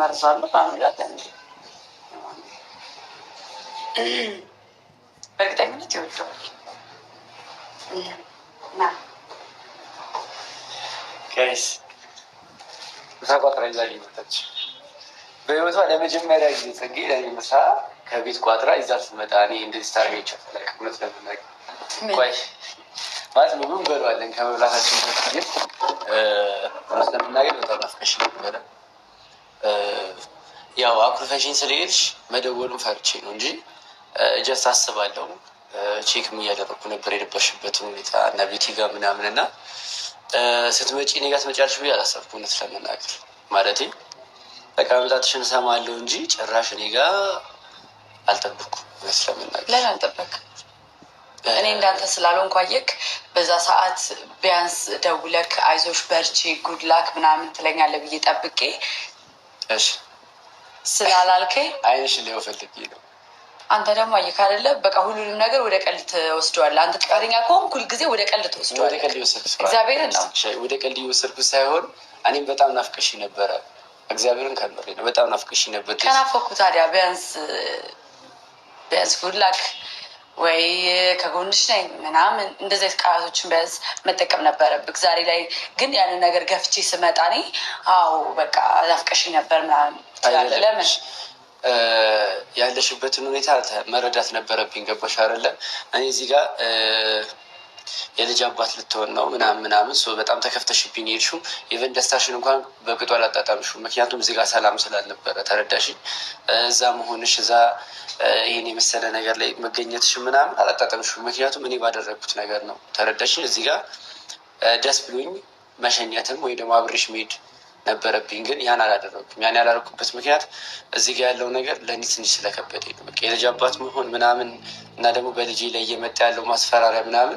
መርዝ አለ በእርግጠኝነት ይወደዋል። ቋጥራ ይዛ መጣች። በህይወቷ ለመጀመሪያ ጊዜ ጽጌ ለኔ ምሳ ከቤት ቋጥራ ይዛ ስመጣ እኔ እንደዚህ ታርጌቸው እውነት ለመናገር ቆይ ማለት ምግብ እንበለዋለን ከመብላታችን እውነት ለመናገር በጣም አፍቀሽ ነበረ። ያው አኩርፈሽኝ ስለሄድሽ መደወሉን ፈርቼ ነው እንጂ ጀስት አስባለሁ። ቼክም እያደረኩ ነበር የነበርሽበትን ሁኔታ እና ቤቲ ጋር ምናምን እና ስትመጪ እኔ ጋር ትመጫለሽ ብዬ አላሰብኩ እውነት ለመናገር ማለት በቃ መምጣትሽን እሰማለሁ እንጂ ጭራሽ እኔ ጋር አልጠበኩም እውነት ለመናገር። ለምን አልጠበቅም? እኔ እንዳንተ ስላልሆንኩ አየክ። በዛ ሰዓት ቢያንስ ደውለክ አይዞሽ፣ በርቺ፣ ጉድላክ ምናምን ትለኛለህ ብዬ ጠብቄ ስላላልከኝ አይንሽ ሊው ፈልጌ ነው። አንተ ደግሞ አየህ በቃ ሁሉንም ነገር ወደ ቀልድ ትወስደዋለህ። አንተ ጥቃተኛ ከሆንክ ሁልጊዜ ወደ ቀልድ ትወስደዋለህ። እግዚአብሔርን ነው ወደ ቀልድ ሳይሆን እኔም በጣም ናፍቀሽ ነበረ። እግዚአብሔርን ከምሬ ነው። በጣም ናፍቀሽ ነበር። ከናፈኩ ታዲያ ቢያንስ ቢያንስ ወይ ከጎንሽ ነኝ ምናምን እንደዚህ አይነት ቃላቶችን በዝ መጠቀም ነበረብክ። ዛሬ ላይ ግን ያን ነገር ገፍቼ ስመጣ እኔ አዎ በቃ አፍቀሽ ነበር ምናምን ትላለህ። ለምን ያለሽበትን ሁኔታ መረዳት ነበረብኝ። ገባሽ አይደለም እኔ እዚህ ጋር የልጅ አባት ልትሆን ነው ምናምን ምናምን በጣም ተከፍተሽብኝ ሄድሽው። ኢቨን ደስታሽን እንኳን በቅጡ አላጣጣምሽው። ምክንያቱም እዚህ ጋር ሰላም ስላልነበረ ተረዳሽኝ። እዛ መሆንሽ እዛ ይህን የመሰለ ነገር ላይ መገኘትሽ ምናምን አላጣጣምሽው። ምክንያቱም እኔ ባደረግኩት ነገር ነው ተረዳሽኝ። እዚህ ጋር ደስ ብሎኝ መሸኘትም ወይ ደግሞ አብሬሽ መሄድ ነበረብኝ ግን ያን አላደረኩም። ያን ያላደረኩበት ምክንያት እዚህ ጋር ያለው ነገር ለእኔ ትንሽ ስለከበደ ነው። የልጅ አባት መሆን ምናምን እና ደግሞ በልጅ ላይ እየመጣ ያለው ማስፈራሪያ ምናምን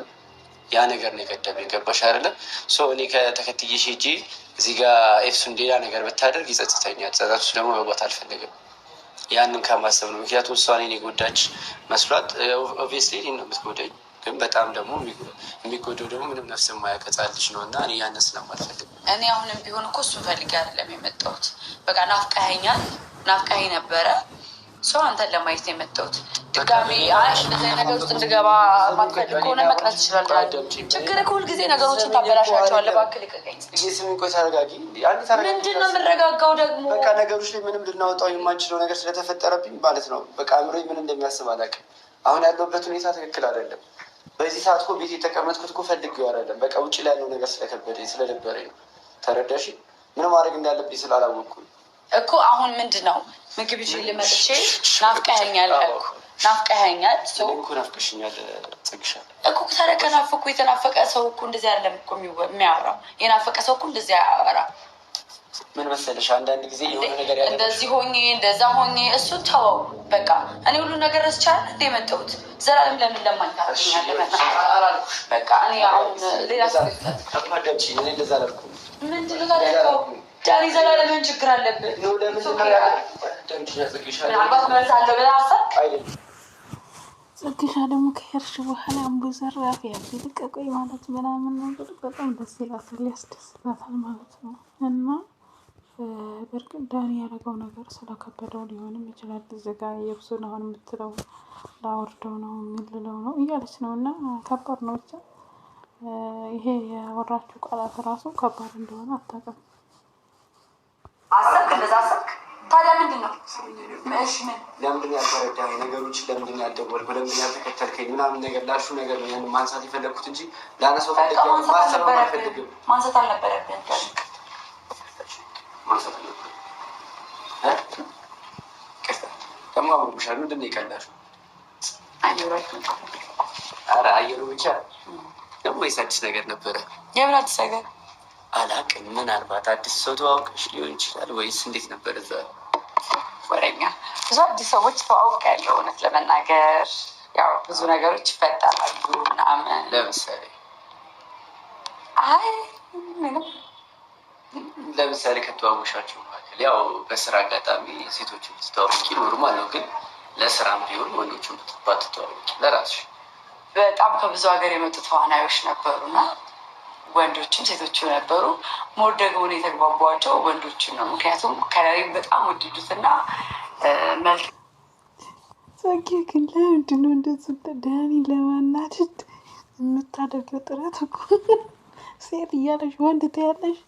ያ ነገር ነው የቀደመኝ። ገባሽ አይደለ? ሰው እኔ ከተከትዬሽ ሂጂ እዚህ ጋር ኤፍሱን ሌላ ነገር ብታደርግ ይጸጽተኛል። ጸጸቱ ደግሞ መግባት አልፈልግም። ያንን ከማሰብ ነው። ምክንያቱም እሷ እኔን የጎዳች መስሏት፣ ኦብቪየስሊ እኔን ነው የምትጎዳኝ። ግን በጣም ደግሞ የሚጎደው ደግሞ ምንም ነፍስ የማያቀጻልሽ ነው እና እኔ ያንን ስለማልፈልግ እኔ አሁንም ቢሆን እኮ እሱን ፈልጌ አይደለም የመጣሁት። በቃ ናፍቃኸኛል፣ ናፍቃኸኝ ነበረ ሰው አንተን ለማየት ነው የመጣሁት። ድጋሚ እንደዚህ ነገር ውስጥ እንድገባ ማትፈልግ ከሆነ መቅረት ይችላል። ችግር ከሁል ጊዜ ነገሮችን ታበላሻቸዋለህ። እባክህ ልቀቀኝ። ምንድን ነው የምረጋጋው ደግሞ? በቃ ነገሮች ላይ ምንም ልናወጣው የማንችለው ነገር ስለተፈጠረብኝ ማለት ነው። በቃ አእምሮዬ ምን እንደሚያስብ አላውቅም። አሁን ያለሁበት ሁኔታ ትክክል አይደለም። በዚህ ሰዓት እኮ ቤት የተቀመጥኩት እኮ ፈልጌው አይደለም። በቃ ውጭ ላይ ያለው ነገር ስለከበደኝ ስለደበረኝ ነው። ተረዳሽ? ምን ማድረግ እንዳለብኝ ስላላወቅኩ እኮ አሁን ምንድን ነው ምግብ ይዤ ልመጥቼ ናፍቀኸኛል አልኩ። ናፍቀኸኛል ናፍቀሽኛል እኮ ታዲያ ከናፈኩ የተናፈቀ ሰው እኮ እንደዚህ አይደለም እኮ የሚያወራው። የናፈቀ ሰው እኮ እንደዚህ አያወራ። ምን መሰለሽ አንዳንድ ጊዜ የሆነ ነገር ያለ እንደዚህ ሆኜ እንደዛ ሆኜ እሱ ተወው በቃ። እኔ ሁሉ ነገር እስቻለ እንደ የመጣሁት ዘላለም ለምን ለማኝ በቃ እኔ አሁን ሌላ ሰው ምንድን ነው ታደርገው ዳኒ ዘላለም ምን ችግር አለብህ? ጽግሻ ደግሞ ከሄድሽ በኋላ አምቡዘር አፍ ያልቀቆይ ማለት ምናምን ነገር በጣም ደስ ይላታል፣ ያስደስታታል ማለት ነው። እና በእርግጥ ዳኒ ያደረገው ነገር ስለከበደው ሊሆንም ይችላል። እዚህ የብሱን አሁን የምትለው ላወርደው ነው የሚልለው ነው እያለች ነው። እና ከባድ ነው ብቻ ይሄ ያወራችሁ ቃላት ራሱ ከባድ እንደሆነ አታውቅም። አሰብክ፣ እንደዛ አሰብክ። ታዲያ ምንድን ነው እሺ? ምን ለምንድን ያልተረዳኸኝ ነገሮችን ለምንድን ያልደወልኩ ለምንድን ያልተከተልከኝ ምናምን ነገር ነገር ነው ያን ማንሳት የፈለግኩት እንጂ ለአነሰው አልፈልግም። ማንሳት አልነበረብን ማንሳት ደግሞ አብሮብሻል። ምንድን ነው የቀላሹ? አየሩ ብቻ ደግሞ አዲስ ነገር ነበረ። የምን አዲስ ነገር አላቅም። ምናልባት አዲስ ሰው ተዋውቀሽ ሊሆን ይችላል ወይስ እንዴት ነበር? እዛ ወረኛ ብዙ አዲስ ሰዎች ተዋውቅ ያለው እውነት ለመናገር ያው ብዙ ነገሮች ይፈጠራሉ ምናምን። ለምሳሌ አይ ምንም ለምሳሌ ከተዋወሻቸው መካከል ያው በስራ አጋጣሚ ሴቶች ብትተዋወቂ ኖርማል ነው፣ ግን ለስራም ቢሆን ወንዶችን ብትባትተዋወቂ ለራስሽ በጣም ከብዙ ሀገር የመጡ ተዋናዮች ነበሩና ወንዶችም ሴቶች ነበሩ። ሞር ደግሞ የተግባቧቸው ወንዶችን ነው። ምክንያቱም ከላይ በጣም ወደዱትና መልክ ጸጌ ግን ለምንድን ነው እንደዚህ ዳኒ ለማናደድ የምታደርገው ጥረት? ሴት እያለሽ ወንድ ትያለሽ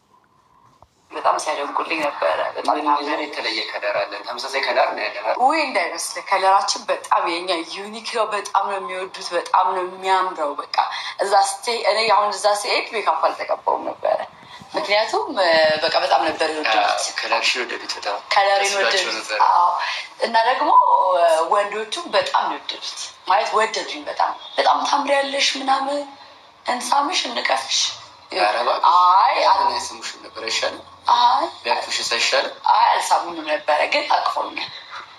በጣም ሲያደንቁልኝ ነበረ። በጣም የተለየ ከለር አለን። ተመሳሳይ ከለር ነው ያለ ወይ እንዳይመስልህ፣ ከለራችን በጣም የኛ ዩኒክ ነው። በጣም ነው የሚወዱት። በጣም ነው የሚያምረው። በቃ እዛ ስቴ እኔ አሁን እዛ ስሄድ ሜካፕ አልተቀባውም ነበረ ምክንያቱም በቃ በጣም ነበር የወደዱት ከለሬን እና ደግሞ ወንዶቹም በጣም የወደዱት ማለት ወደዱኝ። በጣም በጣም ታምሪያለሽ ምናምን እንሳምሽ እንቀፍሽ አይ አይ አልሳሙንም ነበረ ግን አቅፎኛል።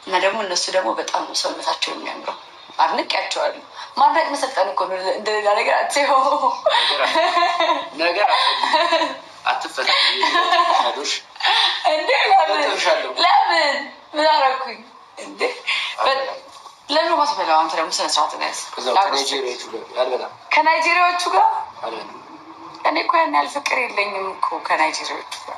እና ደግሞ እነሱ ደግሞ በጣም ነው ሰውነታቸው የሚያምረው። አድንቄያቸዋለሁ። ማድረግ መሰልጠን እኮ እንደሌላ ነገር አትሆ ነገር ለምን ምን አደረኩኝ? ለምን ማስበላ አንተ ደግሞ ስነ ስርዓት ነህ። ከናይጄሪያዎቹ ጋር እኔ እኮ ያን ያህል ፍቅር የለኝም እኮ ከናይጄሪያዎቹ ጋር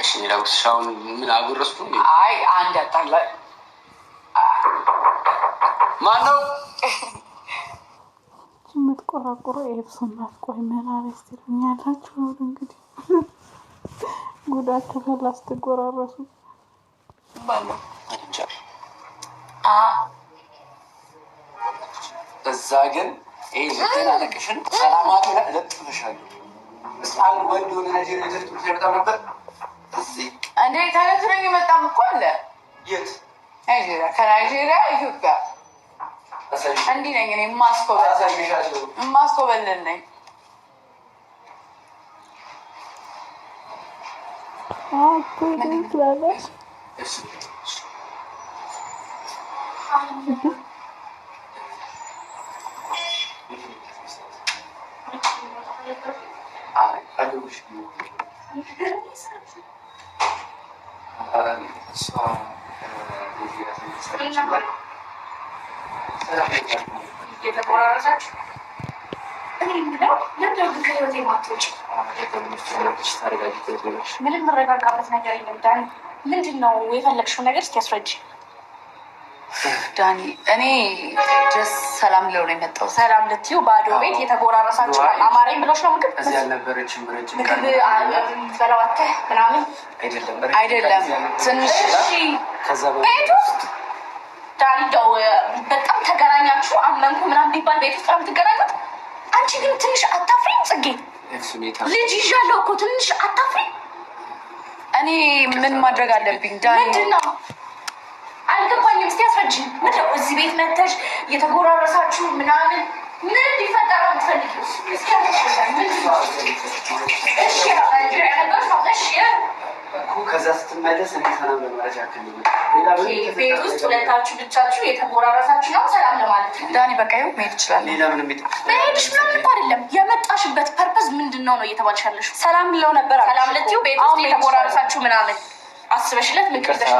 እሺ ለብሻውን ምን አጎረስኩ? አይ አንድ አጣላ ማን ነው የምትቆራቁሮ? ኤፍሱን ናፍቆኝ ምን አረስ ትሉኛላችሁ? እንግዲህ ጉዳችሁ ፈላ ስትጎራረሱ እዛ ግን ይሄ ልትን አለቅሽን ሰላማት ለጥፍሻል። አንድ ወንድ የሆነ ነገር ነበር እንደ አይነት ነው የመጣም እኮ አለ። የት ናይጄሪያ? ከናይጄሪያ ኢትዮጵያ እንዲህ ነኝ እኔ የማስኮበልን ነኝ። ምንድን ነው የምትጠቃበት ነገር የለም። ዳኒ ምንድን ነው የፈለግሽው ነገር እስኪ ያስረጅ። ዳኒ እኔ ጀስ ሰላም ለው ነው የመጣው። ሰላም ልትዩ ባዶ ቤት የተጎራረሳችሁ አማረኝ ብሎች ነው ምግብ እዚህ አልነበረችም። ምግብ በለዋተ ምናምን አይደለም ትንሽ ቤት ውስጥ ዳኒ ደው በጣም ተገናኛችሁ አመንኩ ምናምን ቢባል ቤት ውስጥ ነው የምትገናኙት። አንቺ ግን ትንሽ አታፍሪም ጽጌ? ልጅ ይዣለሁ እኮ ትንሽ አታፍሪም? እኔ ምን ማድረግ አለብኝ? ምንድን ነው አልገባኝም። እስኪ አስረጅኝ። ምንድን ነው እዚህ ቤት መተሽ እየተጎራረሳችሁ ምናምን ምን እንዲፈጠር ነው ቤት ውስጥ ሁለታችሁ ብቻችሁ የተጎራረሳችሁ ነው ሰላም ለማለት ዳኒ በቃ ይኸው መሄድ ይችላል። መሄድሽ ምናምን እኮ አይደለም። የመጣሽበት ፐርፐዝ ምንድን ነው ነው እየተባልሽ ያለሽው? ሰላም ብለው ነበር። ሰላም ልትይው ቤት ውስጥ የተጎራረሳችሁ ምናምን አስበሽለት ምን ቅርተሽ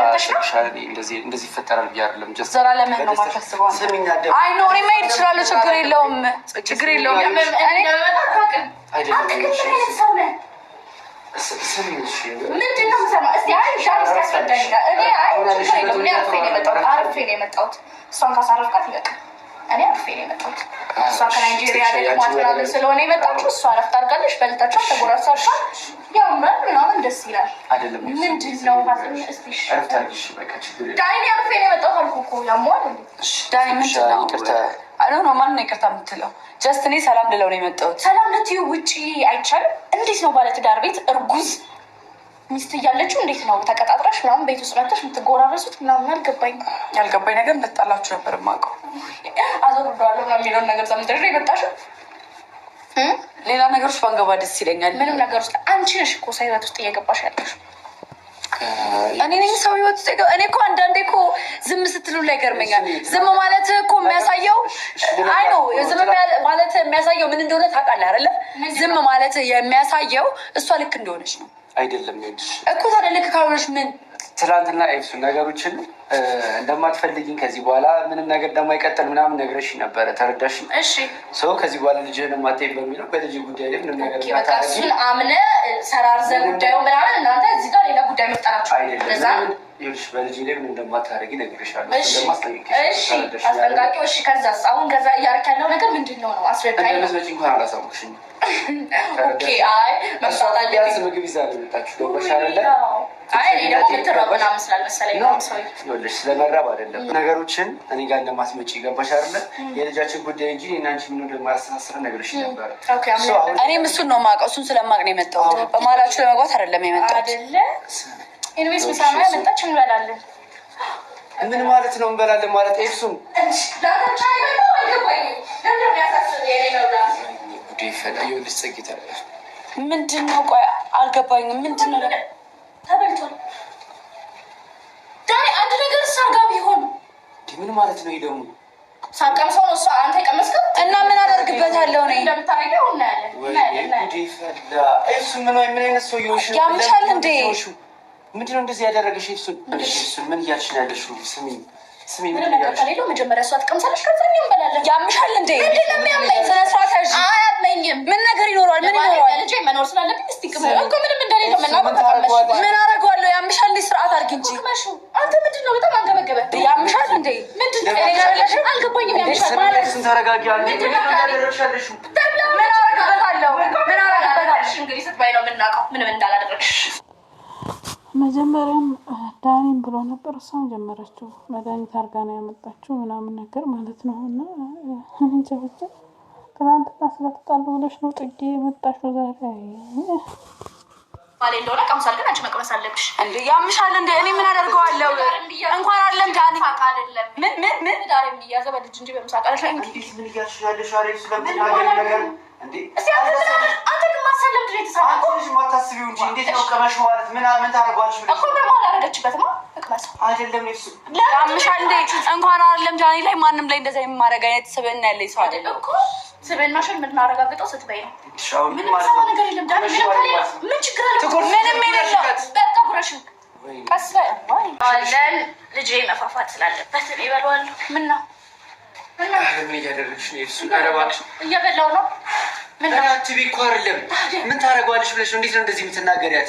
እንደዚህ ይፈጠራል ብዬሽ አይደለም። ዘላለምን ነው የማታስበው። አይ ኖ መሄድ እችላለሁ። ችግር የለውም፣ ችግር የለውም። ምንድን ነው የምሰማው? እስኪ አይ ሻር እስኪ አስረዳኝ። እኔ አይ ችግር የለውም እኔ አርፌ ነው የመጣሁት። አርፌ ነው የመጣሁት። እሷን ካሳረፍካት ይበቃል። እኔ አርፌ ነው የመጣሁት። እሷ ከናይጄሪያ ደግሞ አትናምን ስለሆነ የመጣችው እሷ ረፍት አድርጋለች። ያምራል ምናምን ደስ ይላል። ምንድን ነው አርፌ ነው የመጣሁት አልኩ እኮ ያሟል። ምንድን ነው ነው ማን ነው ይቅርታ የምትለው? ጀስት እኔ ሰላም ልለው ነው የመጣሁት። ሰላም ልትዩ ውጪ አይቻልም። እንዴት ነው ባለትዳር ቤት እርጉዝ ሚስት እያለችው እንዴት ነው ተቀጣጥረሽ ምናምን ቤት ውስጥ መጥተሽ የምትጎራረሱት ምናምን? አልገባኝ ያልገባኝ ነገር እንደጣላችሁ ነበር የማውቀው። ነው የሚለውን ነገር ዘምድር የመጣሽ ሌላ ነገር ውስጥ ባንገባ ደስ ይለኛል። ምንም ነገር ውስጥ አንቺ ነሽ እኮ ሰው ህይወት ውስጥ እየገባሽ ያለሽ። እኔ ነኝ ሰው ህይወት ውስጥ እኔ እኮ አንዳንዴ እኮ ዝም ስትሉ ላይ ገርመኛል። ዝም ማለት እኮ የሚያሳየው አይ ነው ዝም ማለት የሚያሳየው ምን እንደሆነ ታውቃለህ አይደለ? ዝም ማለት የሚያሳየው እሷ ልክ እንደሆነች ነው አይደለም እኮ ታዲያ ልክ ካሁነች ምን ትላንትና ኤፍሱ ነገሮችን እንደማትፈልጊኝ ከዚህ በኋላ ምንም ነገር እንደማይቀጥል ምናምን ነግረሽ ነበረ። ተረዳሽ? እሺ ሰው ከዚህ በኋላ ልጅህን ማታ በሚለው በልጅ ጉዳይ ላይ ምንም ነገር አምነ ሰራርዘ ጉዳዩ ምናምን እናንተ እዚህ ጋር ሌላ ጉዳይ መፍጠራችሁ በልጅ ላይ ምን እንደማታደርጊ እነግርሻለሁ። እሺ፣ ከዛስ አሁን ከዛ እያደረክ ያለው ነገር ምንድን ነው ነው? አስረዳኝ። እንኳን አላሳወቅሽኝም። አይ መሳጣ ቢያንስ ምግብ ይዛ ነው የመጣችሁ። ገባሽ አይደለ? ስለመራብ አይደለም ነገሮችን እኔ ጋር እንደማስመጪ ገባሽ አለ የልጃችን ጉዳይ እንጂ እናንቺ ምን እንደማያስተሳስረ ነገሮች ነበረ። እኔም እሱን ነው የማውቀው፣ እሱን ስለማውቅ ነው የመጣሁት። በመሀላችሁ ለመግባት አይደለም የመጣሁት። ኢንዌስ ምሳማ መጣች፣ እንበላለን። ምን ማለት ነው እንበላለን ማለት ኤፍሱን ምንድን ነው? ቆይ አልገባኝም። ምንድን ነው ተበልቷል። ዳኒ አንድ ነገር ሳጋ ቢሆን ምን ማለት ነው? ይሄ ደግሞ ሳቀምሰው ነው። እሷ አንተ የቀመስከው እና ምን አደርግበታለሁ ነው እንደምታደርገው ምን አይነት ሰው እንዴ? ምንድን ነው እንደዚህ ያደረገሽ? ኤፍሱን ምን እያልሽ ነው ያለሽው? ስሚ ነገር መጀመሪያ እሷ እንዴ? ምን ነገር ይኖረዋል? ምን ይኖረዋል? መኖር ስላለብኝ አንተ ምንድን ነው? በጣም መጀመሪያም ዳኒም ብሎ ነበር፣ እሷ ጀመረችው። መድኃኒት አድርጋ ነው ያመጣችው ምናምን ነገር ማለት ነው። እና እንጃ ትናንትና ስለተጣሉ ብለሽ ነው ጥጌ የመጣሽው ዛሬ ባሌ እንደሆነ ቀምሳል፣ ግን አንቺ መቅመስ አለብሽ። ያምሻል እንደ እኔ ምን አደርገዋለሁ? እንኳን አይደለም ዳኒ ምን ምን ምን ዳር የሚያዘ በልጅ እንጂ በምሳቅ ምን ነገር እንዴ አንተ ግን ማሰለም ማታስቢው እንጂ እንዴት ነው ቀመሽ ማለት ምን ምን ታደርጓለሽ እኮ ደግሞ አላረገችበትም እንኳን አይደለም ጃኒ ላይ ማንም ላይ እንደዛ የማረግ አይነት ስብዕና ያለኝ ሰው አይደለም። ስብዕናሽን የምናረጋግጠው ስትበይ ነው። ምንም ነገር የለም። ምን ምን ነው እየበላው ነው። ምን አይደለም ምን ታደርገዋለሽ ብለሽ ነው። እንዴት ነው እንደዚህ የምትናገሪያት?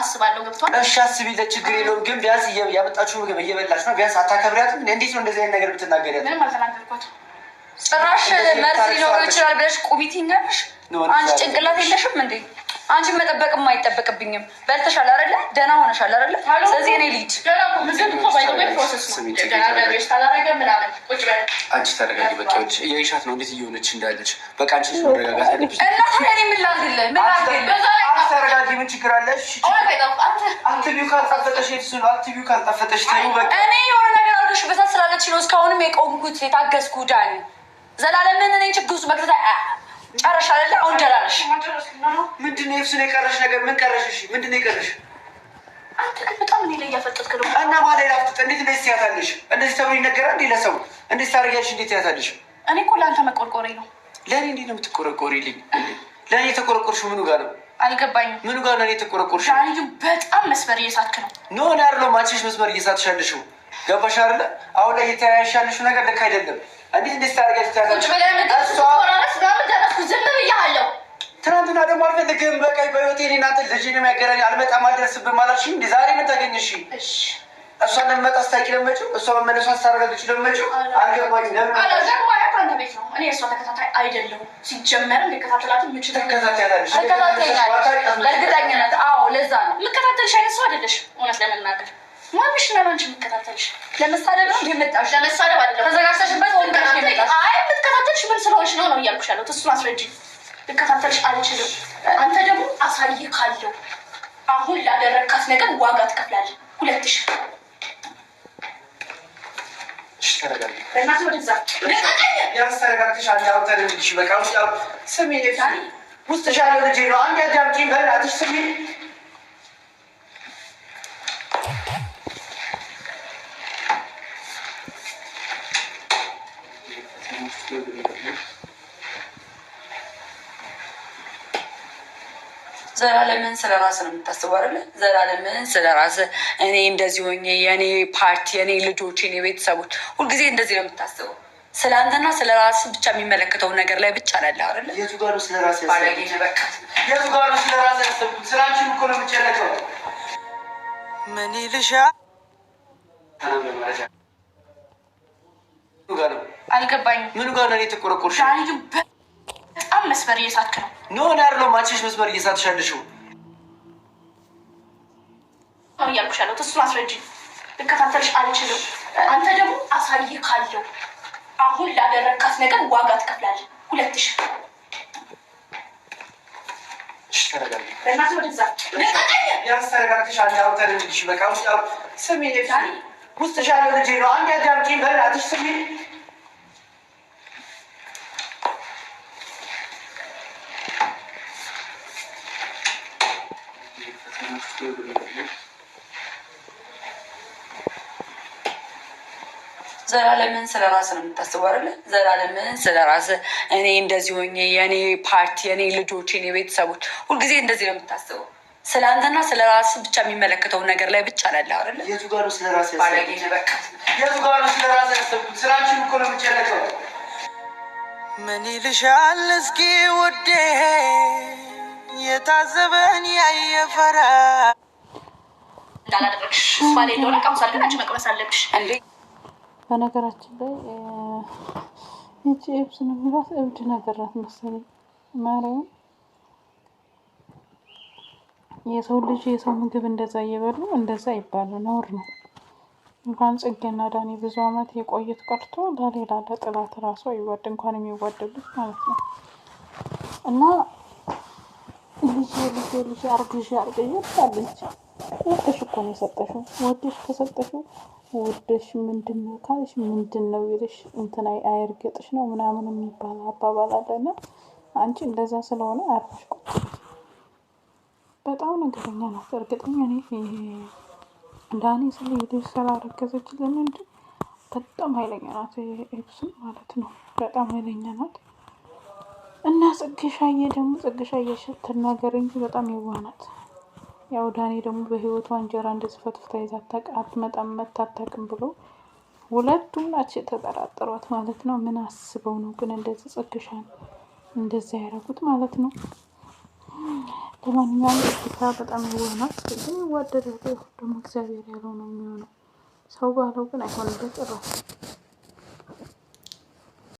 አስባለሁ። ገብቷል። እሺ አስቢለት፣ ችግር የለውም ግን ቢያንስ ያመጣችሁ ምግብ እየበላች ነው። ቢያንስ አታከብሪያትም። እንዴት ነው እንደዚህ አይነት ነገር ብትናገሪያት? ምንም አልተናገርኳትም። ጭራሽ መርዝ ሊኖረው ይችላል ብለሽ ቁሚት ይኛለሽ። አንቺ ጭንቅላት የለሽም እንዴ? አንቺ መጠበቅ አይጠበቅብኝም። በልተሻል አይደለ? ደህና ሆነሻል አይደለ? ስለዚህ እኔ ልሂድ። አንቺ ተረጋጊ። በቃ የይሻት ነው እንዴት እየሆነች እንዳለች። በቃ አንቺ መረጋጋት አለብሽ። እና እኔ ምን ላድርግልህ? ምን ላድርግልህ? ምን ችግር አለሽ? አትቢው ካልጣፈጠሽ የሱ አትቢው ካልጣፈጠሽ ተይው በቃ። እኔ የሆነ ነገር አድርገሽ በሳት ስላለች ነው እስካሁንም የቆምኩት የታገዝኩ። ዳኒ ዘላለምን እኔ ችግር ውስጥ መግዛት ጨረሽ አለ። አሁን ደላለሽ ምንድን ነው? የሱን የቀረሽ ነገር ምን ቀረሽ? እሺ ምንድን ነው የቀረሽ? አንተ ግን በጣም እኔ ላይ እያፈጠጥክ ነው። እና ባላ ላፍጥጥ እንዴት እንደዚህ ትያታለሽ? እንደዚህ ተብሎ ይነገራል እንዴ ለሰው? እንዴት ታደርጊያለሽ? እንዴት ትያታለሽ? እኔ እኮ ለአንተ መቆርቆሬ ነው። ለእኔ እንዴት ነው የምትቆረቆሪልኝ? ለእኔ የተቆረቆርሽ ምኑ ጋር ነው? አልገባኝም። ምኑ ጋር ነው የተቆረቆርሽ? ዳኒ በጣም መስመር እየሳትክ ነው። ኖን ያርለው ማንችሽ መስመር እየሳትሽ ያለሽው ገባሽ አይደለ? አሁን ላይ እየተያያሽ ያለሽው ነገር ልክ አይደለም። እንዴት እንዴት ታደርጋለሽ? ዝም ብያለሁ። ትናንትና ደግሞ አልፈልግም በቃ በህይወቴ እኔ እናንተ ልጅ የሚያገናኝ አልመጣም አልደርስብም አላልሽኝ? ዛሬ ምን እሺ እሷ እንደሚመጣ ስታቂ ለመችው እሷ መመለሷ ስታረጋግች ለመችው አልገባኝ። እኔ እሷ ተከታታይ አይደለሁም ሲጀመር ልከታተላት ምችል ተከታተያለሽ። እርግጠኝነት አዎ፣ ለዛ ነው የምከታተልሽ። አይነት ሰው አይደለሽም እውነት ለመናገር ማንሽ ነው ማንሽ የምከታተልሽ ለመሳደብ ነው የመጣሽ፣ ለመሳደብ አይደለም። ተዘጋጅተሽበት ወንቀሽ የመጣሽ አይ የምትከታተልሽ ምን ስለሆንሽ ነው ነው እያልኩሽ ያለሁት። እሱን አስረጅኝ። ልከታተልሽ አልችልም። አንተ ደግሞ አሳይህ ካለው አሁን ላደረግካት ነገር ዋጋ ትከፍላለህ። ሁለት ውስጥ ያለው ልጅ ነው። አንድ አዳምጪኝ በእናትሽ ስሜን ዘላለምን ስለ ራስ ነው የምታስበው አይደለ? ዘላለምን ስለ ራስ እኔ እንደዚህ ሆኜ የኔ ፓርቲ፣ የኔ ልጆች፣ የኔ ቤተሰቦች፣ ሁልጊዜ እንደዚህ ነው የምታስበው። ስለ አንተና ስለ ራስ ብቻ የሚመለከተውን ነገር ላይ ብቻ ላለ አይደለ? የቱ ጋር ስለ ራስ ያሰብኩት? ስለ እኮ ነው የምጨነቀው። ምን ይልሻ ምኑ ጋር ነው በጣም መስመር እየሳትክ ነው ኖን ያርለው ማንችሽ መስመር እየሳትሽ ያለሽው እያልኩሽ ያለሁት እሱን አስረጅ። ልከታተልሽ አልችልም። አንተ ደግሞ አሳይ ካለው አሁን ላደረግካት ነገር ዋጋ ትከፍላለህ። ሁለት ሺህ ስሜ ውስጥ ሻለ ልጅ ነው። አንድ ያዳምጪኝ በእናትሽ ስሜ ስለ ራስ ነው የምታስበው አይደለ? ዘላለም ስለ ራስ እኔ እንደዚህ ሆኜ የእኔ ፓርቲ፣ የኔ ልጆች፣ የኔ ቤተሰቦች፣ ሁልጊዜ እንደዚህ ነው የምታስበው። ስለ አንተና ስለ ራስ ብቻ የሚመለከተው ነገር ላይ ብቻ ላለ አይደለ? የቱ ጋር ነው ስለ ራስ ያሰብኩት? ስራችን እኮ ነው የምጨነቀው። ምን ይልሻል እስኪ ውዴ የታዘበን ያየፈራ እንዳላደረግሽ ባሌ እንደሆነ ቀምሳልግናቸው መቅመስ አለብሽ እንዴ በነገራችን ላይ ይቺ ኤብስ ነው የሚሏት እብድ ነገር ናት መሰለኝ። ማርያም የሰው ልጅ የሰው ምግብ እንደዛ እየበሉ እንደዛ ይባሉ ነውር ነው። እንኳን ጽጌና ዳኒ ብዙ አመት የቆየት ቀርቶ ለሌላ ለጥላት ራሱ ይወድ እንኳን የሚዋደዱት ማለት ነው እና ልጅ ልጅ ልጅ አርግሽ አርገ ታለች ወደሽ እኮ ነው የሰጠሽው ወደሽ ከሰጠሽው ወደሽ ምንድን ነው ካልሽ ምንድን ነው ይልሽ እንትን አይርገጥሽ ነው ምናምን የሚባል አባባል አለና አንቺ እንደዛ ስለሆነ አርፈሽ ቁጭ። በጣም ነገረኛ ናት። እርግጠኛ እኔ ዳኒ ስለ ሄደሽ ስላረገዘች ለምንድ በጣም ኃይለኛ ናት። ኤፕስም ማለት ነው በጣም ኃይለኛ ናት። እና ጽግሻዬ ደግሞ ጽግሻዬ ስትናገር እንጂ በጣም የዋህ ናት። ያው ዳኔ ደግሞ በህይወቷ እንጀራ እንደዚህ ፈትፍታ ይዛታቅ አትመጣም መታታቅም ብሎ ሁለቱም ናቸው የተጠራጠሯት ማለት ነው። ምን አስበው ነው ግን እንደዚህ ጽግሻን እንደዚህ ያደረጉት ማለት ነው። ለማንኛውም ጽግሻ በጣም ይሆናል ግን ይዋደዳል ደግሞ እግዚአብሔር ያለው ነው የሚሆነው። ሰው ባለው ግን አይሆንም በጭራሽ።